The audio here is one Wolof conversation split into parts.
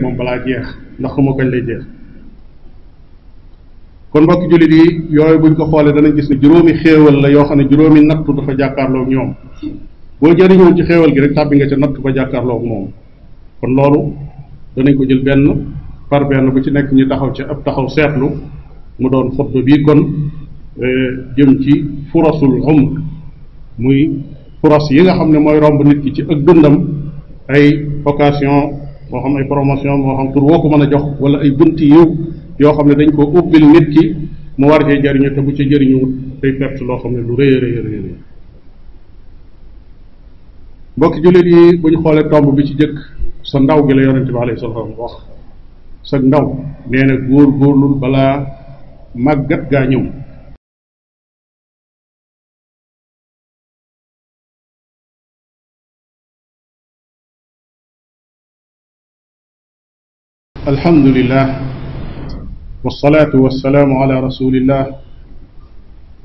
moom balaa jeex ndax xamoo kañ lay jeex kon mbokki jullit yi yooyu buñ ko xoolee danañ gis ne juróomi xéewal la yoo xam ne juróomi nattu dafa jàkkaarloo ñoom boo jëriñoo ci xéewal gi rek tàbbi nga ca nattu ba jàkkaarloo ak moom kon loolu danañ ko jël benn par benn bu ci nekk ñu taxaw ci ab taxaw seetlu mu doon xutba bii kon eh, jëm ci furasul umr muy furas yi nga xam ne mooy romb nit ki ci ak dundam ay occasion moo xam ay promotion moo xam pour woo ko mën a jox wala ay bunti yiw yoo xam ne dañ koo ubbil nit ki mu war cee jëriñu te bu ci jëriñu day perte loo xam ne lu rëy a rëy rëy rëy mbokki jullit yi bu xoolee tomb bi ci jëkk sa ndaw gi la yonente bi alayhi salaam wax sa ndaw nee na góor góorlul balaa màggat gaa ñëw alhamdulillah walsalaatu walsalaamu ala rasulillah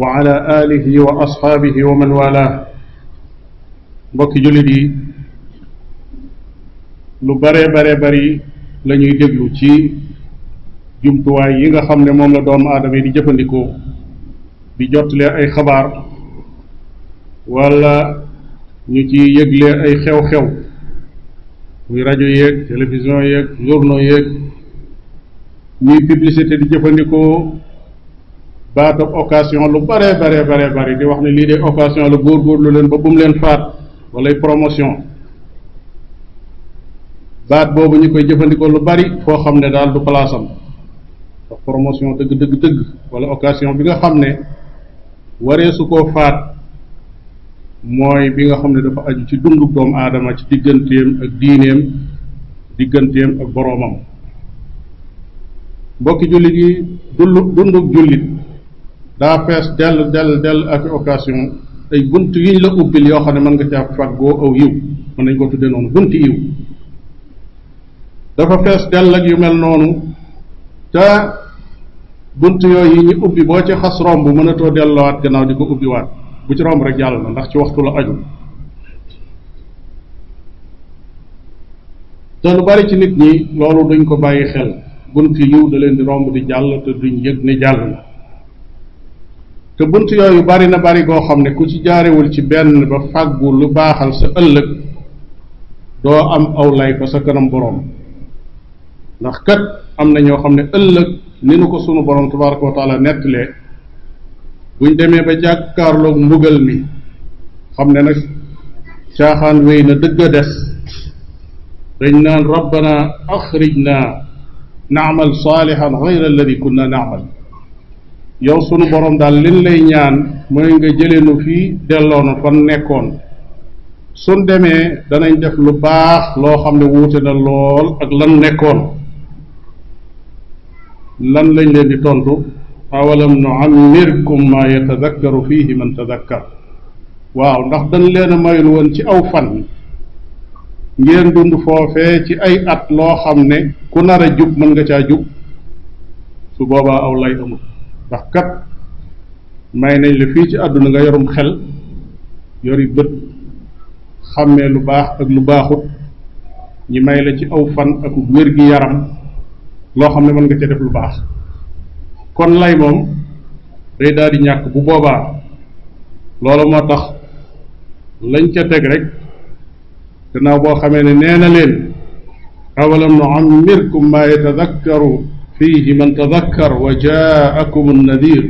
wa ala alihi wa asxaabihi wa man wala mbokki jullit yi lu bare bare bari la ñuy déglu ci jumtuwaay yi nga xam ne moom la doomu aadama yi di jëfandikoo di jottalee ay xabaar wala ñu ci yëgle ay xew-xew muy rajo yeeg télévision yeeg journaux yeeg ñuy publicité di jëfandikoo baata occasion lu bare bare bare bare di wax ne lii de occasion la góorgóorlu leen ba bu mu leen faat walay promotion baat boobu ñu koy jëfandikoo lu bari foo xam ne daal du place am promotion dëgg dëgg dëgg wala occasion bi nga xam ne waree su koo faat mooy bi nga xam ne dafa aju ci dundu doomu aadama ci digganteem ak diineem digganteem ak boroomam mbokki jullit yi dundu dundug jullit daa fees dell dell ak occasion ay bunt yiñ la ubbil yoo xam ne mën nga caa faggoo aw yiw mën nañ ko tuddee noonu bunti yiw dafa fees dell ak yu mel noonu te bunt yooyu yi ñu ubbi boo ci xas romb mënatoo dellowaat gannaaw di ko ubbiwaat bu ci romb rek jàll na ndax ci waxtu la aju te lu bari ci nit ñi loolu duñ ko bàyyi xel bunt yiw da leen di romb di jàll te duñ yëg ne jàll na te bunt yooyu bari na bari goo xam ne ku ci jaarewul ci benn ba fàggu lu baaxal sa ëllëg doo am aw lay fa sa kanam boroom ndax kat am na ñoo xam ne ëllëg ni nu ko sunu boroom tabaraka wa taala nettalee buñ demee ba jàkkaarloog mbugal mi xam ne nag caaxaan wéy na dëgg a des dañ naan rabbana na naamal saalihan gayra alladi kunna naamal yow sunu borom daal liñ lay ñaan mooy nga jëleenu fii delloonu fan nekkoon suñ demee danañ def lu baax loo xam ne wuute na lool ak lan nekkoon lan lañ leen di tontu awalam nuammirkum maa yatadakkaru fiihi man tadakkar waaw ndax dañ leen a mayul woon ci aw fan ngeen dund foofee ci ay at loo xam ne ku nar a jub mën nga caa jub su boobaa aw lay amul ndax kat may nañ la fii ci àdduna nga yorum xel yori bët xàmmee lu baax ak lu baaxut ñi may la ci aw fan ak wér gi yaram loo xam ne mën nga ca def lu baax kon lay moom day daal di ñàkk bu boobaa loolu moo tax lañ ca teg rek gannaaw boo xamee ne nee na leen awalam nu ammirkum maa yatadakkaru fiihi man tadakkar wa jaakum annadir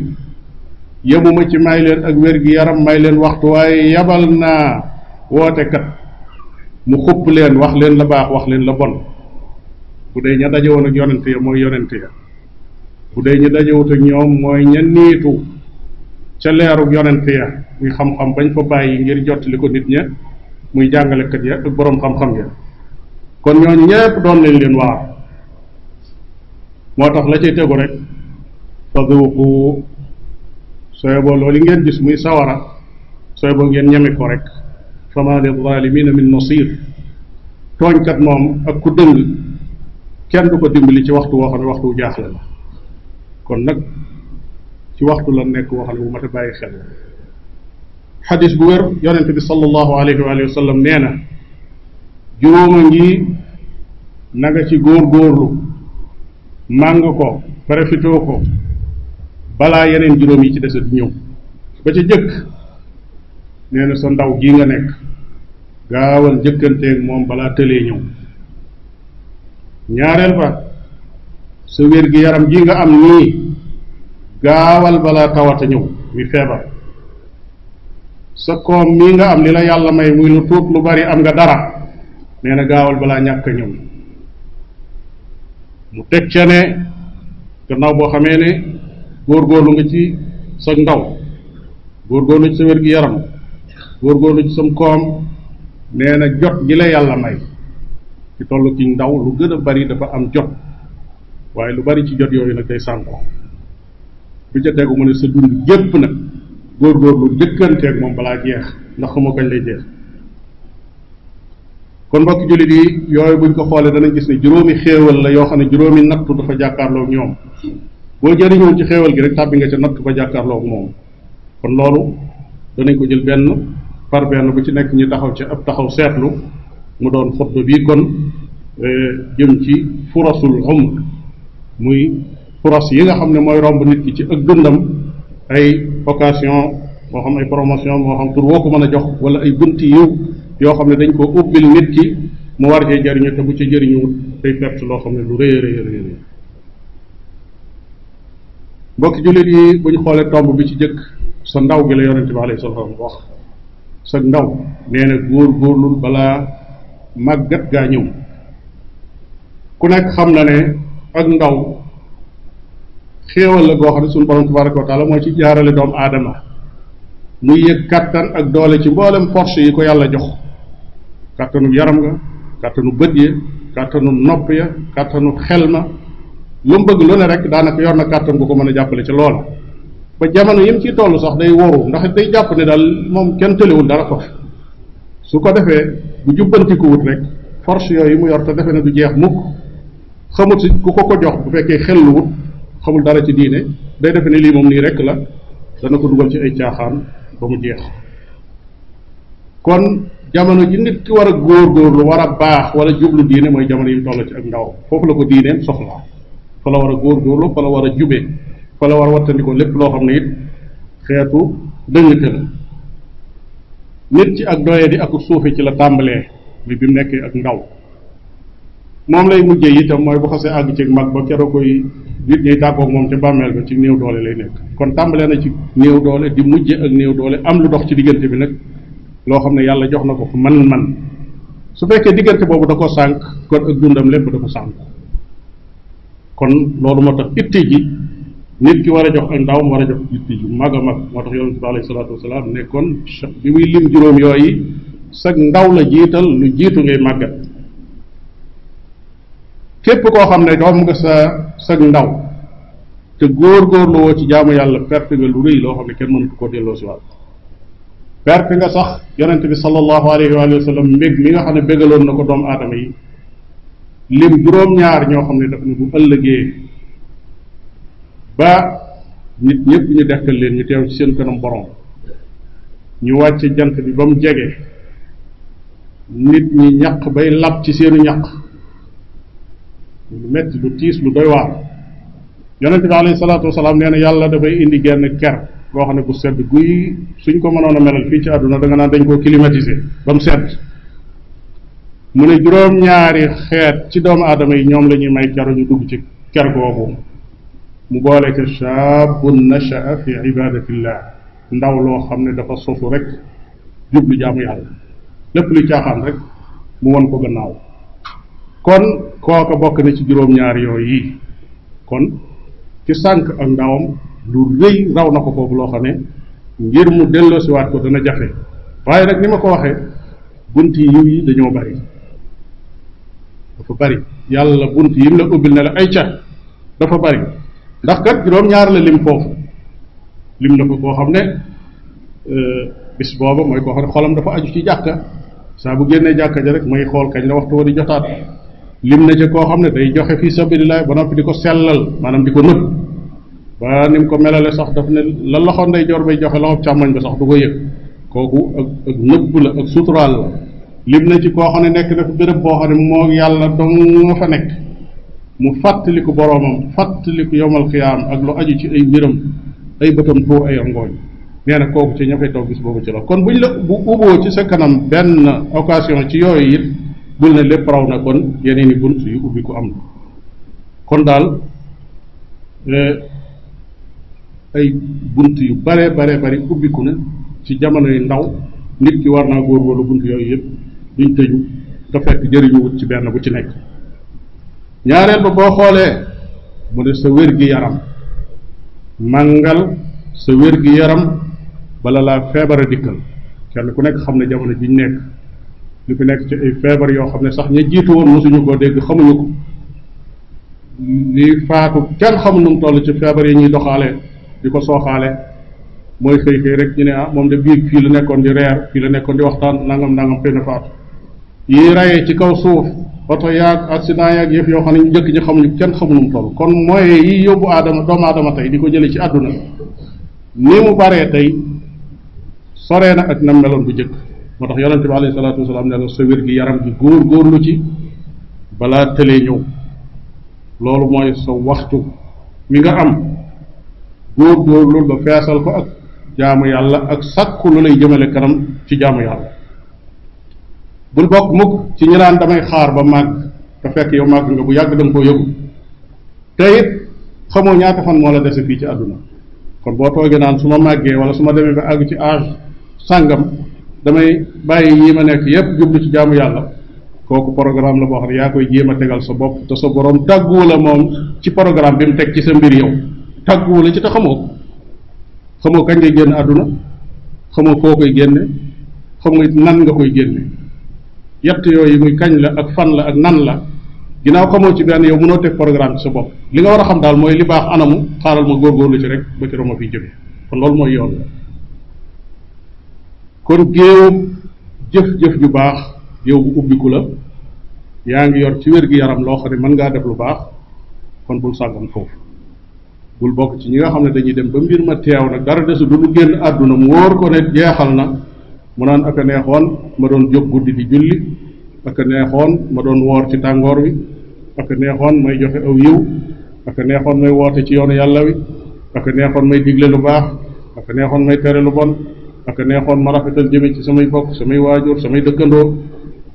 yemuma ci may leen ak wér gi yaram may leen waxtu waaye yabal naa wootekat mu xupp leen wax leen la baax wax leen la bon bu dee ña daje woon ak yonente ya mooy yonente ya bu dee ñu dajewut ak ñoom mooy ña niitu ca leerug yonent ya muy xam-xam bañ fa bàyyi ngir jottali ko nit ña muy jàngalekat ya ak boroom xam-xam ya kon ñooñu ñépp doon nañ leen waar moo tax la cay tegu rek faduuqu sooy boo loolu ngeen gis muy sawara sooy boo ngeen ñemi ko rek fama lil zalimina min nasir tooñkat moom ak ku dëng kenn du ko dimbali ci waxtu woo xam ne waxtu jaaxle la kon nag ci waxtu la nekk woo xam bu mat a bàyyi xel xadis bu wér yonent bi sallallahu alayhi wa sallam nee na juróoma ngi na nga ci góorgóorlu màng ko profitoo ko balaa yeneen juróom yi ci dese du ñëw ba ca jëkk nee na sa ndaw gi nga nekk gaawal jëkkanteeg moom balaa tëlee ñëw ñaareel ba sa wér gi yaram ji nga am nii gaawal balaa tawata ñëw mi feebar sa koom mii nga am li la yàlla may muy lu tuut lu bari am nga dara nee na gaawal balaa ñàkk a ñëw mu teg ca ne gannaaw boo xamee ne góorgóorlu nga ci sa ndaw góorgóorlu ci sa wér gi yaram góorgóorlu ci sam koom nee jot gi la yàlla may ci tollu ci ndaw lu gën a bari dafa am jot waaye lu bari ci jot yooyu nag day sànkoo bi ca tegu mu ne sa dund gépp nag góorgóorlu jëkkanteeg moom balaa jeex ndax xamoo kañ lay jeex kon mbokk jullit yi yooyu buñ ko xoolee danañ gis ne juróomi xéewal la yoo xam ne juróomi nattu dafa jàkkaarloog ñoom boo jëriñoo ci xéewal gi rek tàbbi nga ca nattu ba jàkkaarloog moom kon loolu danañ ko jël benn par benn bu ci nekk ñu taxaw ci ab taxaw seetlu mu doon xutba bii kon eh, jëm ci furasul umr muy cross yi nga xam ne mooy romb nit ki ci ak dundam ay occasion moo xam ay promotion moo xam tur woo ko mën a jox wala ay bunti yiw yoo xam ne dañ koo ubbil nit ki mu war cee jariñu te bu ci jariñu day perte loo xam ne lu rëy a rëy a rëy mbokki jullit yi bu ñu xoolee tomb bi ci jëkk sa ndaw gi la yonente bi alayhi salaam wax sa ndaw nee na góor góorlul balaa màggat gaa ñëw ku nekk xam na ne ak ndaw xéewal la goo xam ne suñu borom tabaraka wa taala mooy ci jaarale doomu aadama muy yëg kattan ak doole ci mboolem force yi ko yàlla jox kattanu yaram nga kattanu bët ya kattanu nopp ya kattanu xel na lu mu bëgg lu ne rek daanaka yor na kattan bu ko mën a jàppale ci lool ba jamono yim ciy toll sax day woru ndax day jàpp ne daal moom kenn tëlewul dara ko su ko defee bu jubbantikuwut rek force yooyu mu yor te defe ne du jeex mukk xamut si ku ko ko jox bu fekkee xel lu xamul dara ci diine day defe ne lii moom nii rek la dana ko dugal ci ay caaxaan ba mu jeex kon jamono ji nit ki war a góor góor lu war a baax wala jublu diine mooy jamono yi mu toll ci ak ndaw foofu la ko diineen soxlaa fa la war a góorgóorlu fa la war a jube fa la war a wattandikoo lépp loo xam ne it xeetu dëngte la nit ci ak doye di ak suufe ci la tàmbalee bi bi mu nekkee ak ndaw moom lay mujjee itam mooy bu xasee àgg ci mag ba keroog koy nit ñuy tàggoog moom ca bàmmeel ba ci néew doole lay nekk kon tàmbalee na ci néew doole di mujje ak néew doole am lu dox ci diggante bi nag loo xam ne yàlla jox na ko man man su fekkee diggante boobu da ko sànq kon ak dundam lépp da ko loolu moo tax itti ji nit ki war a jox ak ndawam war a jox itti ji mag a mag moo tax yonent bi alayhi salaatu wasalaam ne kon bi muy lim juróom yooyu sag ndaw la jiital lu jiitu ngay màggat képp koo xam ne doom nga sa sag ndaw te góor-góorlu woo ci jaamu yàlla perte nga lu rëy loo xam ne kenn mënatu koo delloo si waat perte nga sax yonente bi sallallahu alayhi wa sallam mbég mi nga xam ne bégaloon na ko doomu aadama yi lim juróom-ñaar ñoo xam ne daf ne bu ëllëgee ba nit ñëpp ñu dekkal leen ñu teew ci seen kanam borom ñu wàcce jant bi ba mu jege nit ñi ñaq bay lab ci seenu ñaq lu metti lu tiis lu doy waar yonente bi alayhi salaatu wasalaam nee na yàlla dafay indi genn ker boo xam ne bu sedd guy suñ ko mënoon a melal fii ci àdduna da naan dañ ko climatiser ba mu sedd mu ne juróom-ñaari xeet ci doomu aadama yi ñoom lañuy ñuy may keru ñu dugg ci ker googu mu boole ko shaabun nashaa fi ibadatillah ndaw loo xam ne dafa sosu rek jublu jaamu yàlla lépp luy caaxaan rek mu won ko gannaaw kon kooka bokk na ci juróom-ñaar yooyu yi kon ci sànq ak ndawam lu rëy raw na ko foofu loo xam ne ngir mu delloosiwaat ko dana jafe waaye nag ni ma ko waxee bunt yiw yi dañoo bari dafa bari yàlla bunt yim la ubbil la ay ca dafa bari ndax kat juróom-ñaar la lim foofu lim na ko koo xam ne euh, bis booba mooy koo xam ne xolam dafa aju ci jàkka saa bu génnee jàkka ja rek mooy xool kañ la waxtu wa di jotaat lim na ca koo xam ne day joxe fii sabilillah ba noppi di ko sellal maanaam di ko nëb ba ni ko melale sax daf ne la loxo nday joor bay joxe loxo càmmoñ ba sax du ko yëg kooku ak ak nëbb la ak suturaal la lim na ci koo xam ne nekk na fi béréb boo xam ne moo yàlla dong fa nekk mu fàttaliku boroomam fàttaliku yowmal xiyaam ak lu aju ci ay mbiram ay bëtam tuur ay ngooñ nee na kooku ci ña fay toog bis boobu ci la kon buñ la bu uboo ci sa kanam benn occasion ci yooyu bu ne lépp raw na kon yeneen i bunt yu ubbi ko am na kon daal euh, ay bunt yu bare bare bari ubbiku na ci jamono yu ndaw nit ki war naa góorgóorlu bunt yooyu yëpp duñ tëju te fekk jëriñu wut ci benn bu ci nekk ñaareel ba boo xoolee mu ne sa wér gi yaram màngal sa wér gi yaram bala laa feebara dikkal kenn ku nekk xam ne jamono jiñ nekk li fi nekk ci feebar yoo xam ne sax ña jiitu woon mosuñu koo dégg xamuñu ko li faatu kenn xamul nu mu toll ci feebar yi ñuy doxaale di ko sooxaale mooy xëy xëy rek ñu ne ah moom de biig fii la nekkoon di reer fii la nekkoon di waxtaan nangam nangam xëy na faatu yi rayee ci kaw suuf oto yaag accident yaag yëf yoo xam ne ñu njëkk ñi xamuñu kenn xamul nu mu toll kon mooy yi yóbbu aadama doomu aadama tey di ko jëlee ci àdduna ni mu baree tey soree na ak na meloon bu njëkk moo tax yonente bi alayhi salaatu wasalaam ne la sa wér gi yaram gi góor góorlu ci balaa tëlee ñëw loolu mooy sa waxtu mi nga am góor góorlu ba feesal ko ak jaamu yàlla ak sàkku lu lay jëmale kanam ci jaamu yàlla bul bokk mukk ci ñi naan damay xaar ba màgg te fekk yow màgg nga bu yàgg da nga koo yëgu te it xamoo ñaata fan moo la dese fii ci àdduna kon boo toogee naan su ma màggee wala su ma demee ba àgg ci âge sàngam damay bàyyi yi ma nekk yépp jublu ci jaamu yàlla kooku programme la boo xam ne yaa koy jéem a tegal sa bopp te sa borom tàgguwu la moom ci programme bi mu teg ci sa mbir yow tàgguwu la ci te xamoo xamoo kañ ngay génn àdduna xamoo foo koy génne nan nga koy génne yett yooyu muy kañ la ak fan la ak nan la ginnaaw xamoo ci benn yow mënoo teg programme ci sa bopp li nga war a xam daal mooy li baax anamu xaaral ma góorgóorlu ci rek ba ci roma fiy jóge kon loolu mooy yoon kon géewum jëf-jëf ju baax géew bu ubbiku la yaa ngi yor ci wér-gi-yaram loo xam ne mën ngaa def lu baax kon bul sàggan foofu bul bokk ci ñi nga xam ne dañuy dem ba mbir ma teew nag dara desu du lu génn àdduna mu wóor ko ne jeexal na mu naan ak a neexoon ma doon jóg guddi di julli ak a neexoon ma doon woor ci tàngoor wi ak a neexoon may joxe aw yiw ak a neexoon may woote ci yoonu yàlla wi ak a neexoon may digle lu baax ak a neexoon may tere lu bon aka neexoon ma rafetal jëme ci samay bokk samay waajur samay dëkkandoo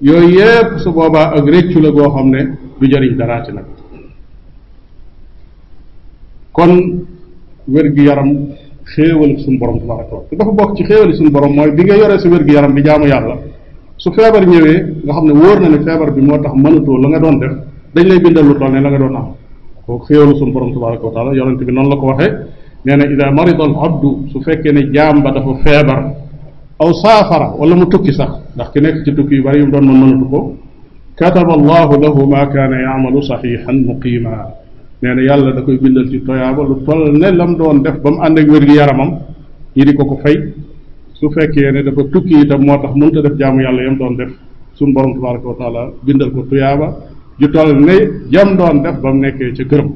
yooyu yépp su boobaa ak réccu la goo xam ne du jëriñ daraati nag kon wér-gu-yaram xéewal suñu borom tabaraka borom mooy bi nga yoree sa wér-gu-yaram bi jaamu yàlla su feebar ñëwee nga xam ne wóor na ne feebar bi moo tax mënatoo la nga doon def dañ lay bindal lu toll ne la nga doon am kooku xéewalu suñu borom tabaraka wa bi noonu la ko waxee nee na ida marida al abdu su fekkee ne jaam ba dafa feebar aw saafara wala mu tukki sax ndax ki nekk ci tukki yi bari yu mu doon mën mënatu ko kataba allahu lahu ma kaana yaamalu saxiixan muqiima nee na yàlla da koy bindal ci toyaaba lu toll ne lam doon def ba mu ànd ak wér-gi-yaramam ñi di ko ko fay su fekkee ne dafa tukki itam moo tax mënut a def jaamu yàlla yam doon def suñu borom tabaraka wa taala bindal ko toyaaba ju toll ne jam doon def ba mu nekkee ca këram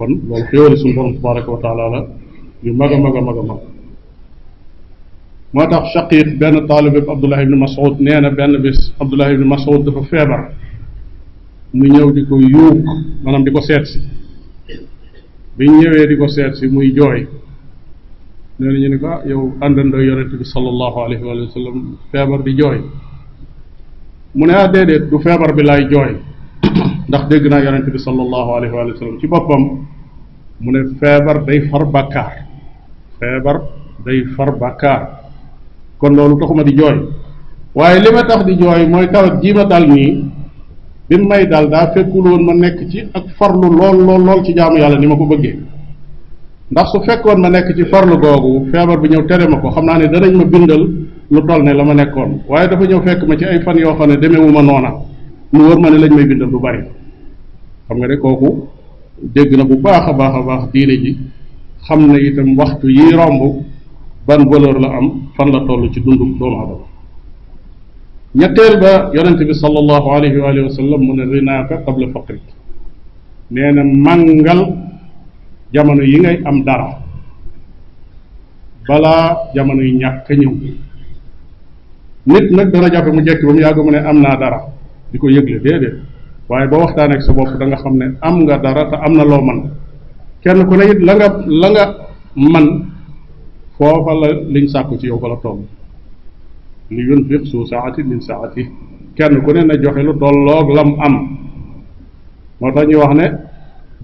kon loolu xéewali suñu borom wa taala la mag a mag a mag a mag moo tax shaqiit benn taalibe bu Abdullah ibni Mas'ud nee na benn bis Abdullah ibni Mas'ud dafa feebar mu ñëw di ko yuug maanaam di ko seet si biñ ñëwee di ko seet si muy jooy nee na ñu ne ko ah yow àndandoo yonente bi sallallahu alayhi wa sallam feebar di jooy mu ne ah déedéet du feebar bi laay jooy ndax dégg naa yonent bi sallallahu alayhi wa sallam ci boppam mu ne feebar day far bàkkaar feebar day far bàkkaar kon loolu taxuma di jooy waaye li ma tax di jooy mooy tawat jii ma dal nii bi may dal daa fekkul ma nekk ci ak farlu lool lool lool ci jaamu yàlla ni ma ko bëggee ndax su fekkoon ma nekk ci farlu googu feebar bi ñëw tere ma ko xam naa ne danañ ma bindal lu toll ne la ma nekkoon waaye dafa ñëw fekk ma ci ay fan yoo xam ne demeewuma noona mu wër ma ne lañ may bindal du bari xam nga ne kooku dégg na bu baax a baax a baax diine ji xam na itam waxtu yi romb ban valeur la am fan la toll ci dundu doomu adama ñetteel ba yonente bi sallallahu alayhi wa alihi mu ne rinaaka qabla faqrik nee na jamono yi ngay am dara balaa jamono yi ñàkk ñëw nit nag dana jàppe mu jekki ba mu yàgg mu ne am naa dara di ko yëgle déedéet waaye boo waxtaanee ak sa bopp da nga xam ne am nga dara te am na loo man kenn ku ne it la nga la nga man foofa la liñ sàkku ci yow fa la toll li yunfiq su saati min saati kenn ku ne na joxe lu tolloog lam am moo tax ñuy wax ne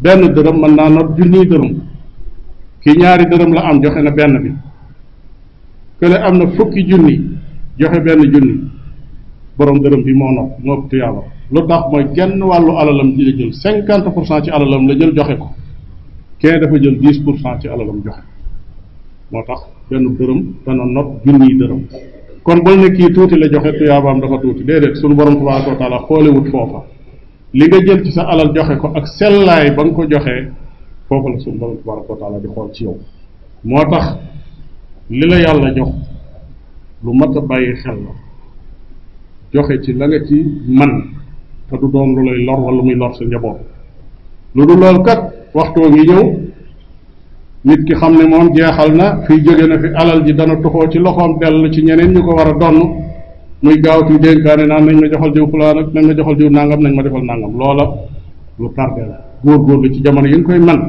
benn dërëm mën naa not junniy dërëm kii ñaari dërëm la am joxe na benn bi kële am na fukki junni joxe benn junni borom dërëm bi moo not moo ëpp lu tax mooy genn wàllu alalam ji la jël cinquante pour cent ci alalam la jël joxe ko kenn dafa jël dix pour cent ci alalam joxe moo tax benn dërëm dana not junniy dërëm kon bal ne kii tuuti la joxe tuyaabaam dafa tuuti déedéet suñu borom tabaraka wa taala xoolewut foofa li nga jël ci sa alal joxe ko ak sellaay ba nga ko joxe foofa la suñu borom tabaraka wa taala di xool ci yow moo tax li la yàlla jox lu mat a bàyyi xel la joxe ci la nga ci man te du doon lu lay lor wala muy lor sa njaboot lu dul loolu kat waxtoo ngi ñëw nit ki xam ne moom jeexal na fii jóge na fi alal ji dana tuxoo ci loxoom dellu ci ñeneen ñu ko war a donn muy gaaw ci dénkaane naan nañ ma joxal jiw fulaan ak nañ ma joxal jiw nàngam nañ ma defal nangam loola lu tardé la góorgóorlu ci jamono yi nga koy man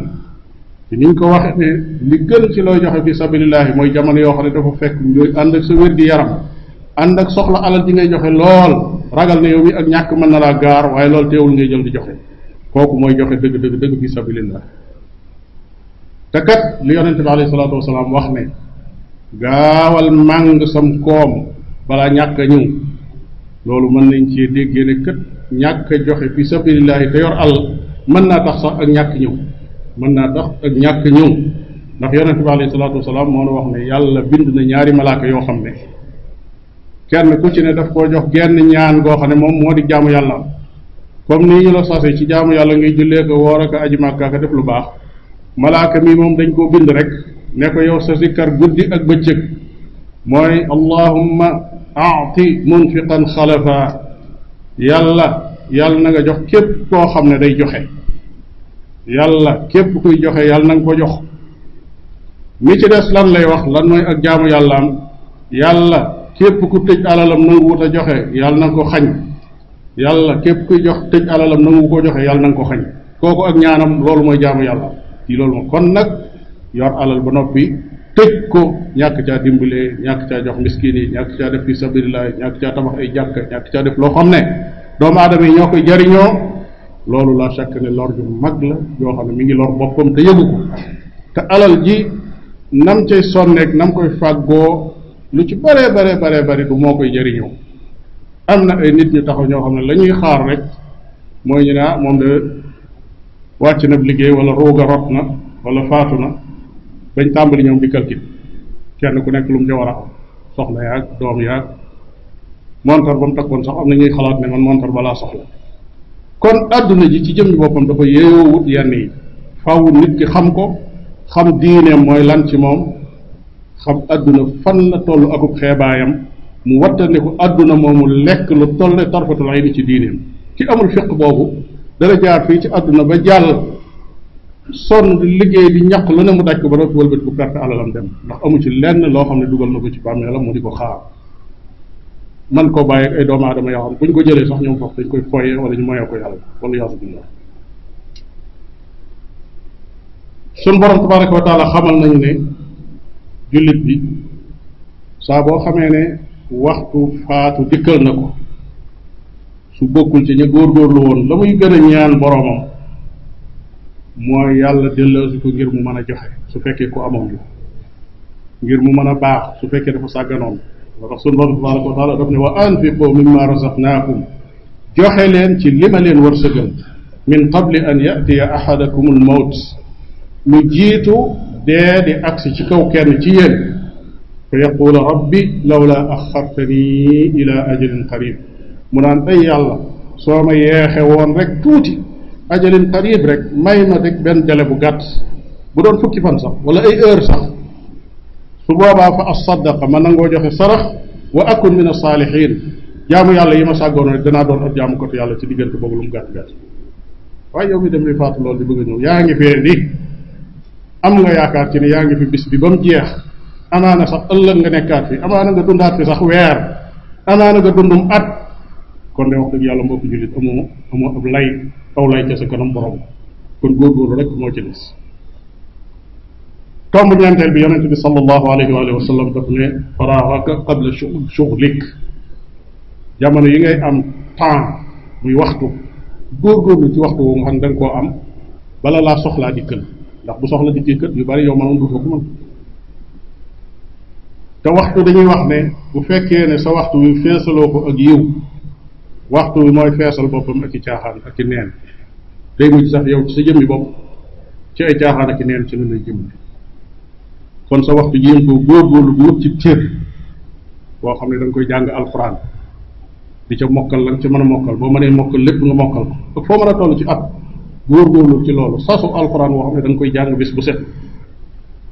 ci niñ ko waxee ne li gën ci looy joxe fi sabilillahi mooy jamono yoo xam ne dafa fekk nga ànd ak sa wér gi yaram ànd ak soxla alal ji ngay joxe lool ragal ne yow mi ak ñàkk mën na laa gaar waaye loolu teewul ngay jël di joxe kooku mooy joxe dëgg dëgg dëgg fi te kat li yonente bi alayhi salaatu wasalaam wax ne gaawal màng sam koom balaa ñàkk ñëw loolu mën nañ ci déggee ne kat ñàkk a joxe fi te yor àll mën naa tax sax ak ñàkk ñëw mën naa tax ak ñàkk ñëw ndax yonente bi alayhi salaatu wasalaam wax ne yàlla bind na ñaari malaaka yoo xam ne kenn ku ci ne daf koo jox genn ñaan goo xam ne moom moo di jaamu yàlla comme nii ñu la sase ci jaamu yàlla ngay jullee ko woor ak aji màkka def lu baax malaaka mi moom dañ koo bind rek ne ko yow sa sikkar guddi ak bëccëg mooy allahumma aati munfiqan xalafa yàlla yàlla na nga jox képp koo xam ne day joxe yàlla képp kuy joxe yàlla na nga ko jox mi ci des lan lay wax lan mooy ak jaamu yàlla yàlla képp ku tëj alalam nanguwut a joxe yàlla na nga ko xañ yàlla képp kuy jox tëj alalam nangu koo joxe yàlla na ko xañ kooku ak ñaanam loolu mooy jaamu yàlla ci loolu ma kon nag yor alal ba noppi tëj ko ñàkk caa dimbalee ñàkk caa jox miskin yi ñàkk caa def fi sabilillah ñàkk caa tabax ay jàkka ñàkk caa def loo xam ne doomu aadama yi ñoo koy jariñoo loolu laa chaque ne lor ju mag la yoo xam ne mi ngi lor boppam te yëgu ko te alal ji nam cay sonneeg nam koy fàggoo lu ci bare bare bare bari du moo koy jëriñoo am na ay nit ñu taxaw ñoo xam ne lañuy xaar rek mooy ñu ne ah moom de wàcc na liggéey wala ruuga rot na wala faatu na bañ tàmbali ñoom di calcul kenn ku nekk lu mu ca war a soxla yaag doom yaag montar ba mu takkoon sax am na ñuy xalaat ne man montar balaa soxla kon àdduna ji ci jëmmi boppam dafa yeewoowut yenn yi faaw nit ki xam ko xam diineem mooy lan ci moom xam àdduna fan la toll akub xeebaayam mu ku àdduna moomu lekk lu tolle tarfatul ayni ci diineem ki amul fiq boobu dana jaar fii ci àdduna ba jàll sonn di liggéey di ñàq lu ne mu daj ko ba dootu ku perte alalam dem ndax amu ci lenn loo xam ne dugal na ko ci bàmmeelam mu di ko xaar man koo bàyyi ay doomu aadama yoo xam bu ko jëlee sax ñoom foofu dañ koy foyee wala ñu moyee ko yàlla wala yaasu sun borom tabaraka wa taala xamal nañu ne jullit bi saa boo xamee ne waxtu faatu dikkal na ko su bokkul ci ña góorgóorlu woon la gën a ñaan boroomam mooy yàlla delloosi ko ngir mu mën a joxe su fekkee ku amoon la ngir mu mën a baax su fekkee dafa sàgganoon moo tax sunu wa taala daf ne wa joxe leen ci li ma leen wërsëgal min qabli an yatiya ahadakum al mawt mu jiitu dee di agsi ci kaw kenn ci yéen fa yaqula rabbi lawla axartani ila ajalin qarib mu naan ay yàlla soo ma yeexe woon rek tuuti ajalin qarib rek may ma rek benn délai bu gàtt bu doon fukki fan sax wala ay heure sax su boobaa fa assaddaqa ma nangoo joxe sarax wa akun min asaalihin jaamu yàlla yi ma sàggoon rek danaa doon ab jaamu ko yàlla ci diggante boobu lu mu gàtt gàtt waaye yow mi dem li loolu di bëgg a yaa ngi fee nii am nga yaakaar ci ne yaa ngi fi bis bi ba mu jeex amaana sax ëllëg nga nekkaat fi amaana nga dundaat fi sax weer amaana nga dundum at kon de wax dëgg yàlla mbokku jullit amoo amoo lay aw lay ca sa kanam borom kon góorgóorlu rek moo ci des tomb ñeenteel bi yonent bi sallallahu alayhi wa sallam daf ne faraagaka qabla shughlik yi ngay am temps muy waxtu góorgóorlu ci waxtu woo nga xam da koo am bala laa soxlaa dikkal ndax bu soxla dikkee kër yu bari yow mënoon du ko mën te waxtu dañuy wax ne bu fekkee ne sa waxtu wi feesaloo ko ak yiw waxtu wi mooy feesal boppam ak i caaxaan ak i neen day mujj sax yow ci sa jëmmi bopp ci ay caaxaan ak i neen ci a lay jëm kon sa waxtu jéem góor góorgóorlu bu wut ci téer boo xam ne da nga koy jàng alxuraan di ca mokkal la nga ci mën a mokkal boo mënee mokkal lépp nga mokkal ko ak foo mën a toll ci at góorgóorlu ci loolu sasu alxuraan woo xam ne da koy jàng bis bu set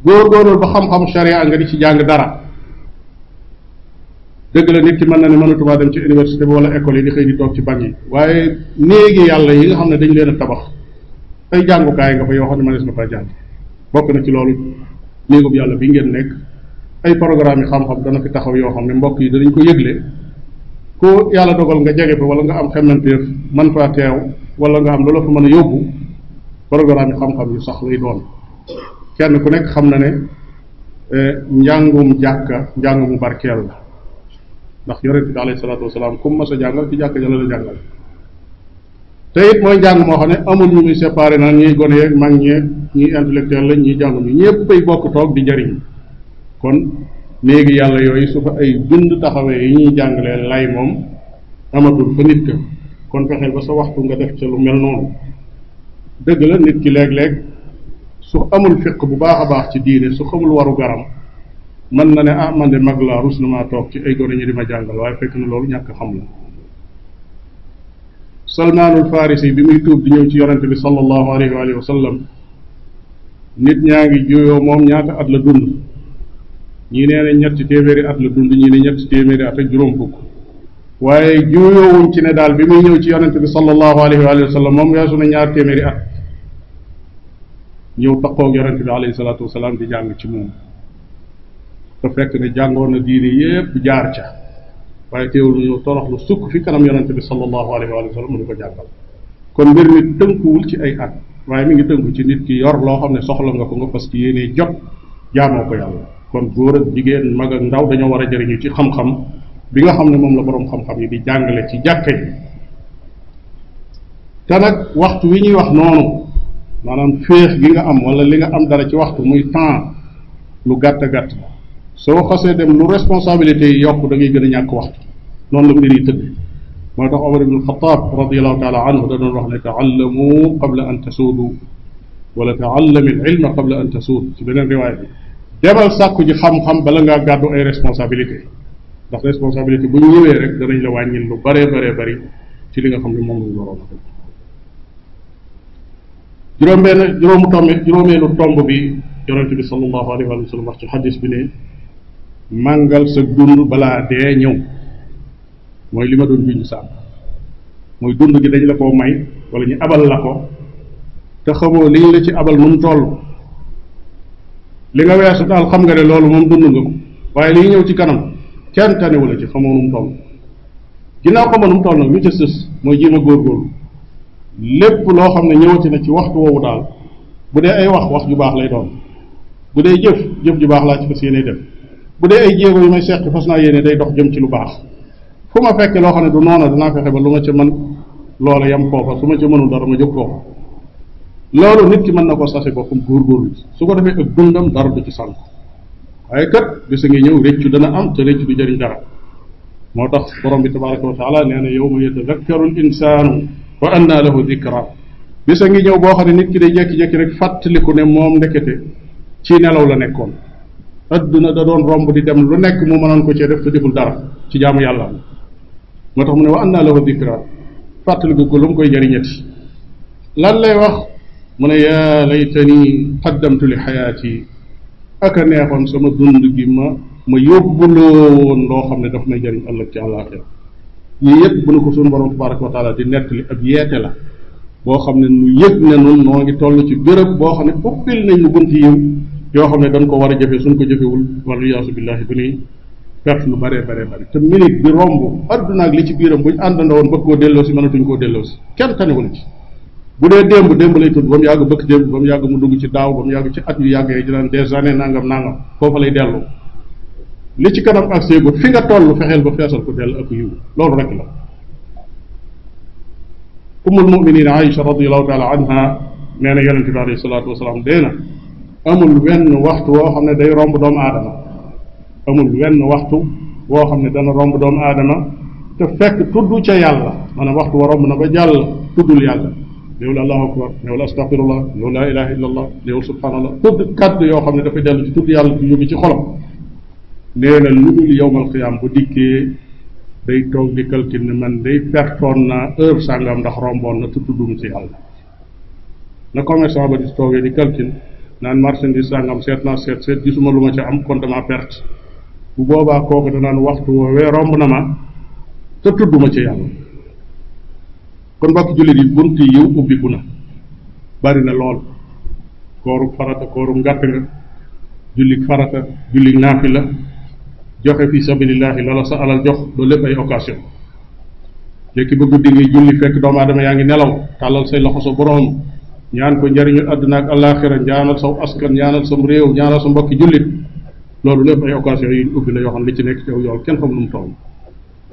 góorgóorlu ba xam-xam sharia nga di ci jàng dara dëgg la nit ki mën na ne mënatumaa dem ci université bi wala école yi di xëy di toog ci banc yi waaye néegi yàlla yi nga xam ne dañ leen a tabax ay jàngukaay nga fa yoo xam ne mënees na faa jàng bokk na ci loolu néegub yàlla bi ngeen nekk ay programme yi xam-xam dana fi taxaw yoo xam ne mbokk yi danañ ko yëgle ku yàlla dogal nga jege fa wala nga am xemmanteef mën faa teew wala nga am loola fa mën a yóbbu programme yi xam-xam yu sax lay doon kenn ku nekk xam na ne eh, njàngum jàkka njàng mu barkeel la ndax yonent bi alayhi salaatu wasalaam kum mas a jàngal ci jàkka jëla la jàngal mooy njàng moo xam ne amul ñu muy séparé na ñuy gone yeeg mag ñeeg ñii intellectuel lañ ñii jàngu ñi ñëpp ay bokk toog di njëriñ kon léegi yàlla yooyu su fa ay dund taxawee yi ñuy jàngalee lay moom amatul fa nit ka kon fexeel ba sa waxtu nga def ca lu mel noonu dëgg la nit ki léeg-léeg su amul fiq bu baax a baax ci diine su xamul waru garam mën na ne ah man de mag laa rus na maa toog ci ay gone ñu di ma jàngal waaye fekk na loolu ñàkk xam la salmaanul farisi bi muy tuub di ñëw ci yonente bi sallallahu alayhi wa sallam nit ñaa ngi juyoo moom ñaata at la dund ñii nee na ñetti téeméeri at la dund ñii ne ñetti téeméeri at ak juróom fukk waaye juuyoowuñ ci ne daal bi muy ñëw ci yonente bi sallallahu moom weesu na ñaar téeméeri at ñëw taqoog yonente bi alayhi salaatu di jàng ci moom te jàngoon na diine yépp jaar ca waaye teewul ñëw torox sukk fi kanam yonente bi sallallahu alayhi wa mu di ko jàngal tënkuwul ci ay at waaye mi ngi tënku ci nit ki yor loo xam ne soxla nga ko nga fas ci yéene jot jaamoo ko yàlla kon góor ak jigéen mag ak ndaw dañoo war a jëriñu ci xam-xam bi nga xam ne moom la boroom xam-xam yi di jàngale ci jàkka te nag waxtu wi ñuy wax noonu maanaam féex gi nga am wala li nga am dara ci waxtu muy temps lu gàtt gàtt soo xasee dem lu responsabilité yi yokk da ngay gën a ñàkk waxtu noonu la mbir yi tëdd moo tax Omar ibn Xataab radiallahu taala anhu da doon wax ne taallamu qabla an tasuudu wala taallam al ilma qabla an tasuud ci beneen riwaaya yi demal sàkku ji xam-xam bala ngaa gàddu ay responsabilité ndax responsabilité bu ñu ñëwee rek danañ la wàññil lu bare bare bari ci li nga xam ne moom lañ waroon a juróom-benn tomb bi yonent bi sallallahu alayhi wa sallam wax ci bi ne màngal sa dund balaa dee ñëw mooy li ma doon juñ sàmm mooy dund gi dañ la ko may wala ñu abal la ko te xamoo liñ la ci abal nu mu toll li nga weesu daal xam nga ne loolu moom dund nga ko waaye li ñëw ci kanam kenn tanewu la ci xamoo nu mu toll ginnaaw xamoo nu mu nag lu ca sës mooy jéem góor góorgóorlu lépp loo xam ne ñëwati na ci waxtu woowu daal bu dee ay wax wax ju baax lay doon bu dee jëf jëf ju baax laa ci fas yéene def bu dee ay jéego yi may seq fas naa yéene day dox jëm ci lu baax fu ma fekkee loo xam ne du noona danaa fexe ba lu ma ca mën loola yam foofa su ma ca mënul ma jóg foofa loolu nit ki mën na ko sase boppam góorgóorlu ci su ko defee ak dundam dara du ci sànk waaye kat bis a ngi ñëw réccu dana am te réccu du jëriñ dara moo tax borom bi tabaraka wa taala nee na yawma yatadakkaru l insaanu wa anna lahu dikra bis a ngi ñëw boo xam ne nit ki day jekki-jekki rek fàttaliku ne moom ndekete ci nelaw la nekkoon adduna da doon romb di dem lu nekk mu mën mënoon ko cee def te deful dara ci jaamu yàlla moo tax mu ne wa anna lahu koy jëriñati mu ne yaa laytani qaddamtu li xayaati ak a neexoon sama dund gi ma ma yóbbuloo woon loo xam ne dafa may jariñ ëllëg ci àllaaxira yii yëpp bu nu ko suñu borom tabaraka wa taala di nettali ab yeete la boo xam ne nu yëg ne nun noo ngi toll ci béréb boo xam ne ubbeel nañ nu bunt yiw yoo xam ne dañ ko war a jëfe suñ ko jëfewul wala yaasu billaahi bu nuy perte lu bare bare bare te minute bi romb àdduna li ci biiram buñ àndandowoon bëgg koo delloo si mënatuñ koo delloo si ci bu dee démb démb lay tudd ba mu yàgg bëkk démb ba mu yàgg mu dugg ci daaw ba mu yàgg ci at yu yàgg yi di naan des années nangam foofa lay dellu li ci kanam ak séego fi nga toll fexeel ba feesal ko dell ak yiw loolu rek la umul muminin aïcha radiallahu taala anha nee na yonente bi alayhi dee na amul wenn waxtu woo xam ne day romb doomu aadama amul wenn waxtu woo xam ne dana romb doomu aadama te fekk tudd ca yàlla maanaam waxtu wa romb na ba jàll tuddul yàlla néewul allahu akbar néewul astaghfirullah néewul laa ilaha illallah néewul subhanallah tudd kàddu yoo xam ne dafa dellu ci tudd yàlla ci jóge ci xolam nee na lu dul yowmal qiyaam bu dikkee day toog di calcul ne man day pertoon naa heure sàngam ndax romboon na tuddum ci yàlla na commerçant ba di toogee di calcul naan marchandise sàngam seet naa seet seet gisuma lu ma ca am kon dama perte bu boobaa kooku danaan waxtu woowee romb na ma te tudduma ci yàlla kon mbokk jullit yi buntu yiw ubbiku na bari na lool kooru farata kooru ngàtt nga julli farata julli naafi la joxe fi sabilillahi lala sa alal jox loolu lépp ay occasion léegi ba guddi ngay julli fekk doomu aadama yaa ngi nelaw tàllal say loxo sa boroom ñaan ko njariñu àdduna ak alaaxira ñaanal saw askan ñaanal sam réew ñaanal sa mbokki jullit loolu lépp ay occasion yi ubbi la yoo xam li ci nekk ci yow yool kenn xam lu mu toll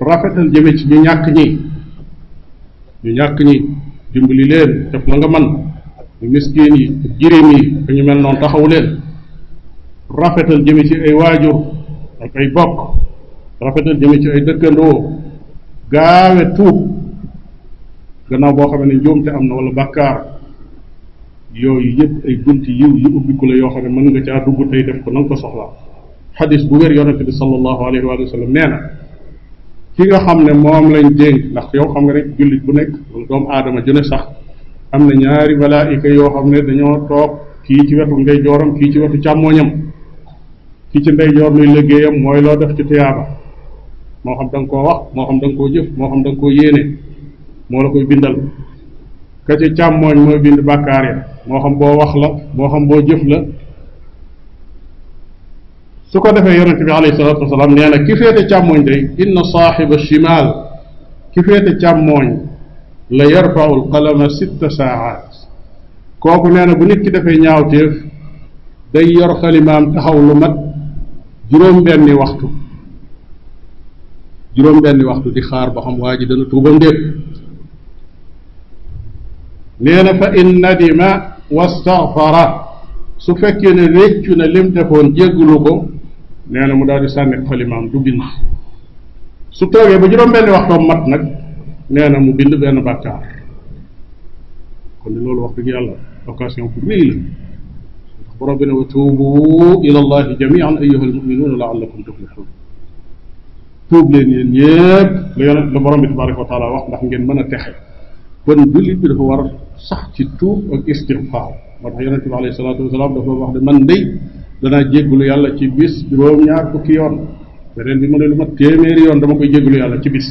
rafetal jëme ci ñu ñu ñàkk ñi dimbali leen def la nga man ñu miskin yi ak jirim yi ak ñu mel noon taxawu leen rafetal jëme ci ay waajur ak ay bokk rafetal jëme ci ay dëkkandoo gaawe tuub gannaaw boo xam ne njuumte am na wala bàkkaar yooyu yëpp ay bunti yiw yu ubbiku la yoo xam ne mën nga caa dugg tey def ko na nga ko soxla xadis bu wér yonente bi sallallahu alayhi wa sallam nee na ki nga xam ne moom lañ dénk ndax yow xam nga rek jullit bu nekk doomu aadama ju ne sax am na ñaari malaayika yoo xam ne dañoo toog kii ci wetu ndeyjooram kii ci wetu càmmooñam kii ci ndeyjoor luy liggéeyam mooy loo def ci tuyaaba moo xam da nga koo wax moo xam da nga koo jëf moo xam da nga koo yéene moo la koy bindal ka ci càmmooñ mooy bind bàkkaar ya moo xam boo wax la moo xam boo jëf la su ko defee yonente bi alayhi nee na ki féete càmmooñ day inna saaxiba shimal ki féete càmmooñ la yarfau alqalama sitta saaat kooku nee na bu nit ki defee ñaawteef day yor xalimaam taxaw lu mat juróom-benni waxtu juróom-benni waxtu di xaar ba xam waa ji dana tuubam déet nee na fa in nadima wastaxfara su fekkee ne réccu na lim defoon jéggalu ko nee na mu daal di sànni xalimaam du bind su toogee ba juróom-benni waxtoom nag nee na mu bind benn bàkkaar kon loolu wax dëgg yàlla occasion bu rëy la ndax borom bi ne wa tuubu ila allahi jamian ayuha almuminuuna laallakum tuub leen yéen ñëpp la yonent la borom bi tabaraka mën a texe kon jullit bi dafa war sax ci tuub ak istigfaar moo tax yonent danaa jéggalu yàlla ci bis juróom-ñaar fukki yoon beneen bi mu ne lu ma téeméeri yoon dama koy jéggalu yàlla ci bis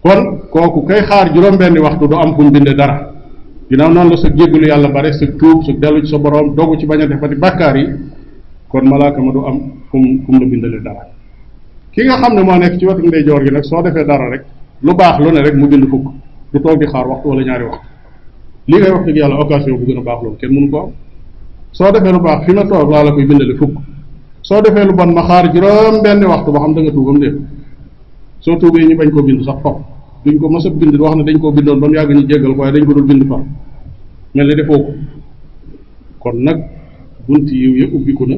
kon kooku kay xaar juróom-benni waxtu du am fu mu bindee dara ginnaaw noonu la sa jéggalu yàlla bare sa tuub sa dellu sa boroom dogu ci bañ a defati bàkkaar yi kon malaaka ma du am fu mu fu mu la bindalee dara ki nga xam ne moo nekk ci wetu ndeyjoor gi nag soo defee dara rek lu baax lu ne rek mu bind fukk du toog di xaar waxtu wala ñaari li yàlla occasion bu baax loolu kenn mënu ko soo defee lu baax fi ma toog laa la koy bindale fukk soo defee lu bon ma xaar juróom benn waxtu ba xam da nga tuubam déet soo tuubee ñu bañ koo bind sax faf duñ ko mës a bind wax ne dañ koo bindoon ba mu yàgg ñu jéggal ko waaye dañ ko dul bind far mel ni defoo ko kon nag bunt yiw ya ubbiku na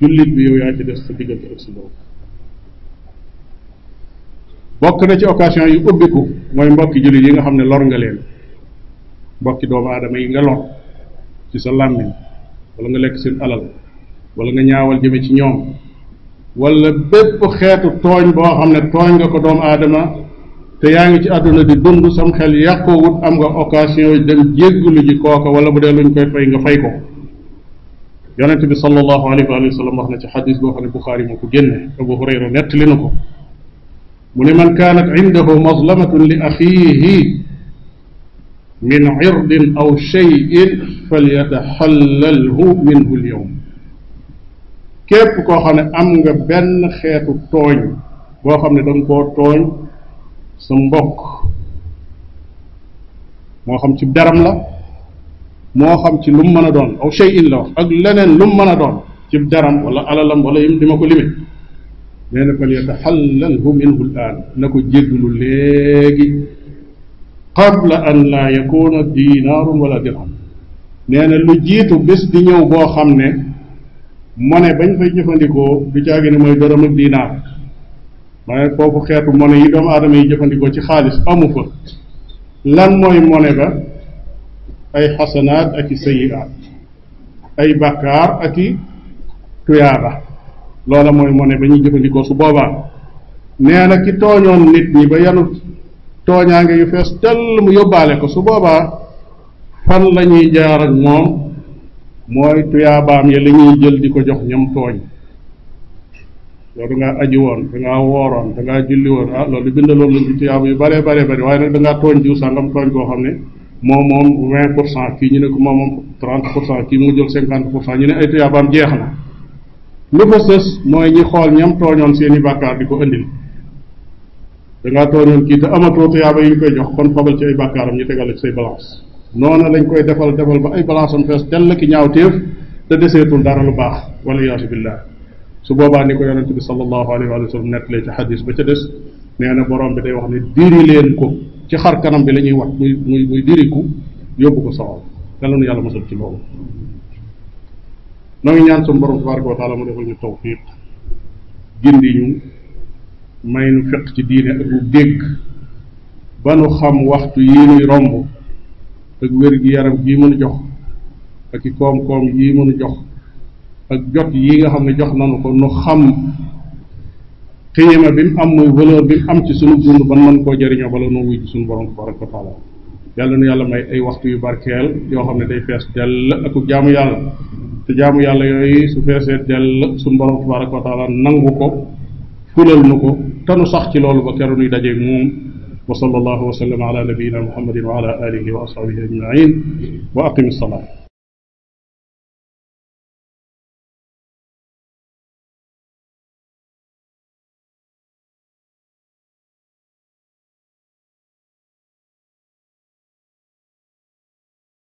jullit bi yow yaa ci des sa diggante mooy mbokki jullit yi nga xam ne lor nga leen mbokki doomu aadama yi nga lor ci sa làmmiñ wala nga lekk seen alal wala nga ñaawal jëme ci ñoom wala bépp xeetu tooñ boo xam ne tooñ nga ko doomu aadama te yaa ngi ci àdduna di dund sam xel yàqoowut am nga occasion dem jéggulu ji kooka wala bu dee luñ koy fay nga fay ko yonente bi sallallahu alayhi wax na ci xadis boo xam ne Buxaari moo ko génne Abu Hurayra nettali na ko mu ne man kaanat indahu mazlamatun li axiihi min irdin aw cheyin falyataxallalhu minhu lyowm képp koo xam ne am nga benn xeetu tooñ boo xam ne danga koo tooñ sa mbokk moo xam ci daram la moo xam ci lu mu mën a doon aw cheyin la wax ak leneen lu mu mën a doon ci daram wala alalam wala yim di ma ko limit nee na falyataxallalhu minhu l na ko jégglu léegi qabla an laa yakuna dinaarun wala dirham nee na lu jiitu bés di ñëw boo xam ne monnaie bañ fay jëfandikoo du caagi ne mooy dërëm ak dinaar mooy foofu xeetu monnaie yi doomu aadama yi jëfandikoo ci xaalis amu fa lan mooy monnaie ba ay xasanaat ak i sayiaat ay bàkkaar ak i tuyaaba loola mooy monnaie ba ñuy jëfandikoo su boobaa nee ki tooñoon nit ñi ba yanut tooñaange yu fees tell mu yóbbaale ko su boobaa fan la ñuy jaar ak moom mooy tuyaabaam ya li ñuy jël di ko jox ñam tooñ yow da ngaa aji woon da ngaa wooroon da ngaa julli woon ah loolu bindaloon lañ ci tuyaaba yu baree baree bari waaye nag da ngaa tooñ jiw sàngam tooñ koo xam ne moom moom vingt pour cent kii ñu ne ko moom moom pour cent kii mu jël cinquante pour cent ñu ne ay tuyaabaam jeex na lu fa sës mooy ñi xool ñam tooñoon seen i bàkkaar di ko indil dangaa tooñoon kii te amatoo tuyaaba yi ñu koy jox kon fogal ci ay bàkkaaram ñu tegal ci say balance noona lañ koy defal defal ba ay balance am fees dell ki ñaaw téef te deseetul dara lu baax wala yaasu billah su boobaa ni ko yonente bi sallallahu alayhi wa sallam ba ca des nee na borom bi day wax ne diri leen ko ci xar kanam bi la ñuy wax muy muy muy diriku yóbbu ko sawal yàlla na yàlla mosal ci loolu noo ngi ñaan suñu borom tabaraka wa taala defal ñu tawfiq ñu may nu fiq ci diine ak lu dégg ba nu xam waxtu yi nuy romb ak wér-gi-yaram gii mënu jox ak i koom-koom yii mënu jox ak jot yi nga xam ne jox nanu ko nu xam xiima bi mu am muy valeur bi mu am ci sunu dund ban man koo jëriñoo bala noo wuy ci sunu borom tabaraka wa taala yàlla nu yàlla may ay waxtu yu barkeel yoo xam ne day fees dell ak jaamu yàlla te jaamu yàlla yooyu su feesee dell sunu borom tabaraka wa taala nangu ko fulal nu ko tanu sax ci loolu ba keroog ñuy dajeeg moom wa sallallahu wa sallam ala nabiyina muhammadin wa ala alihi wa ashabihi ajmain wa aqim salaat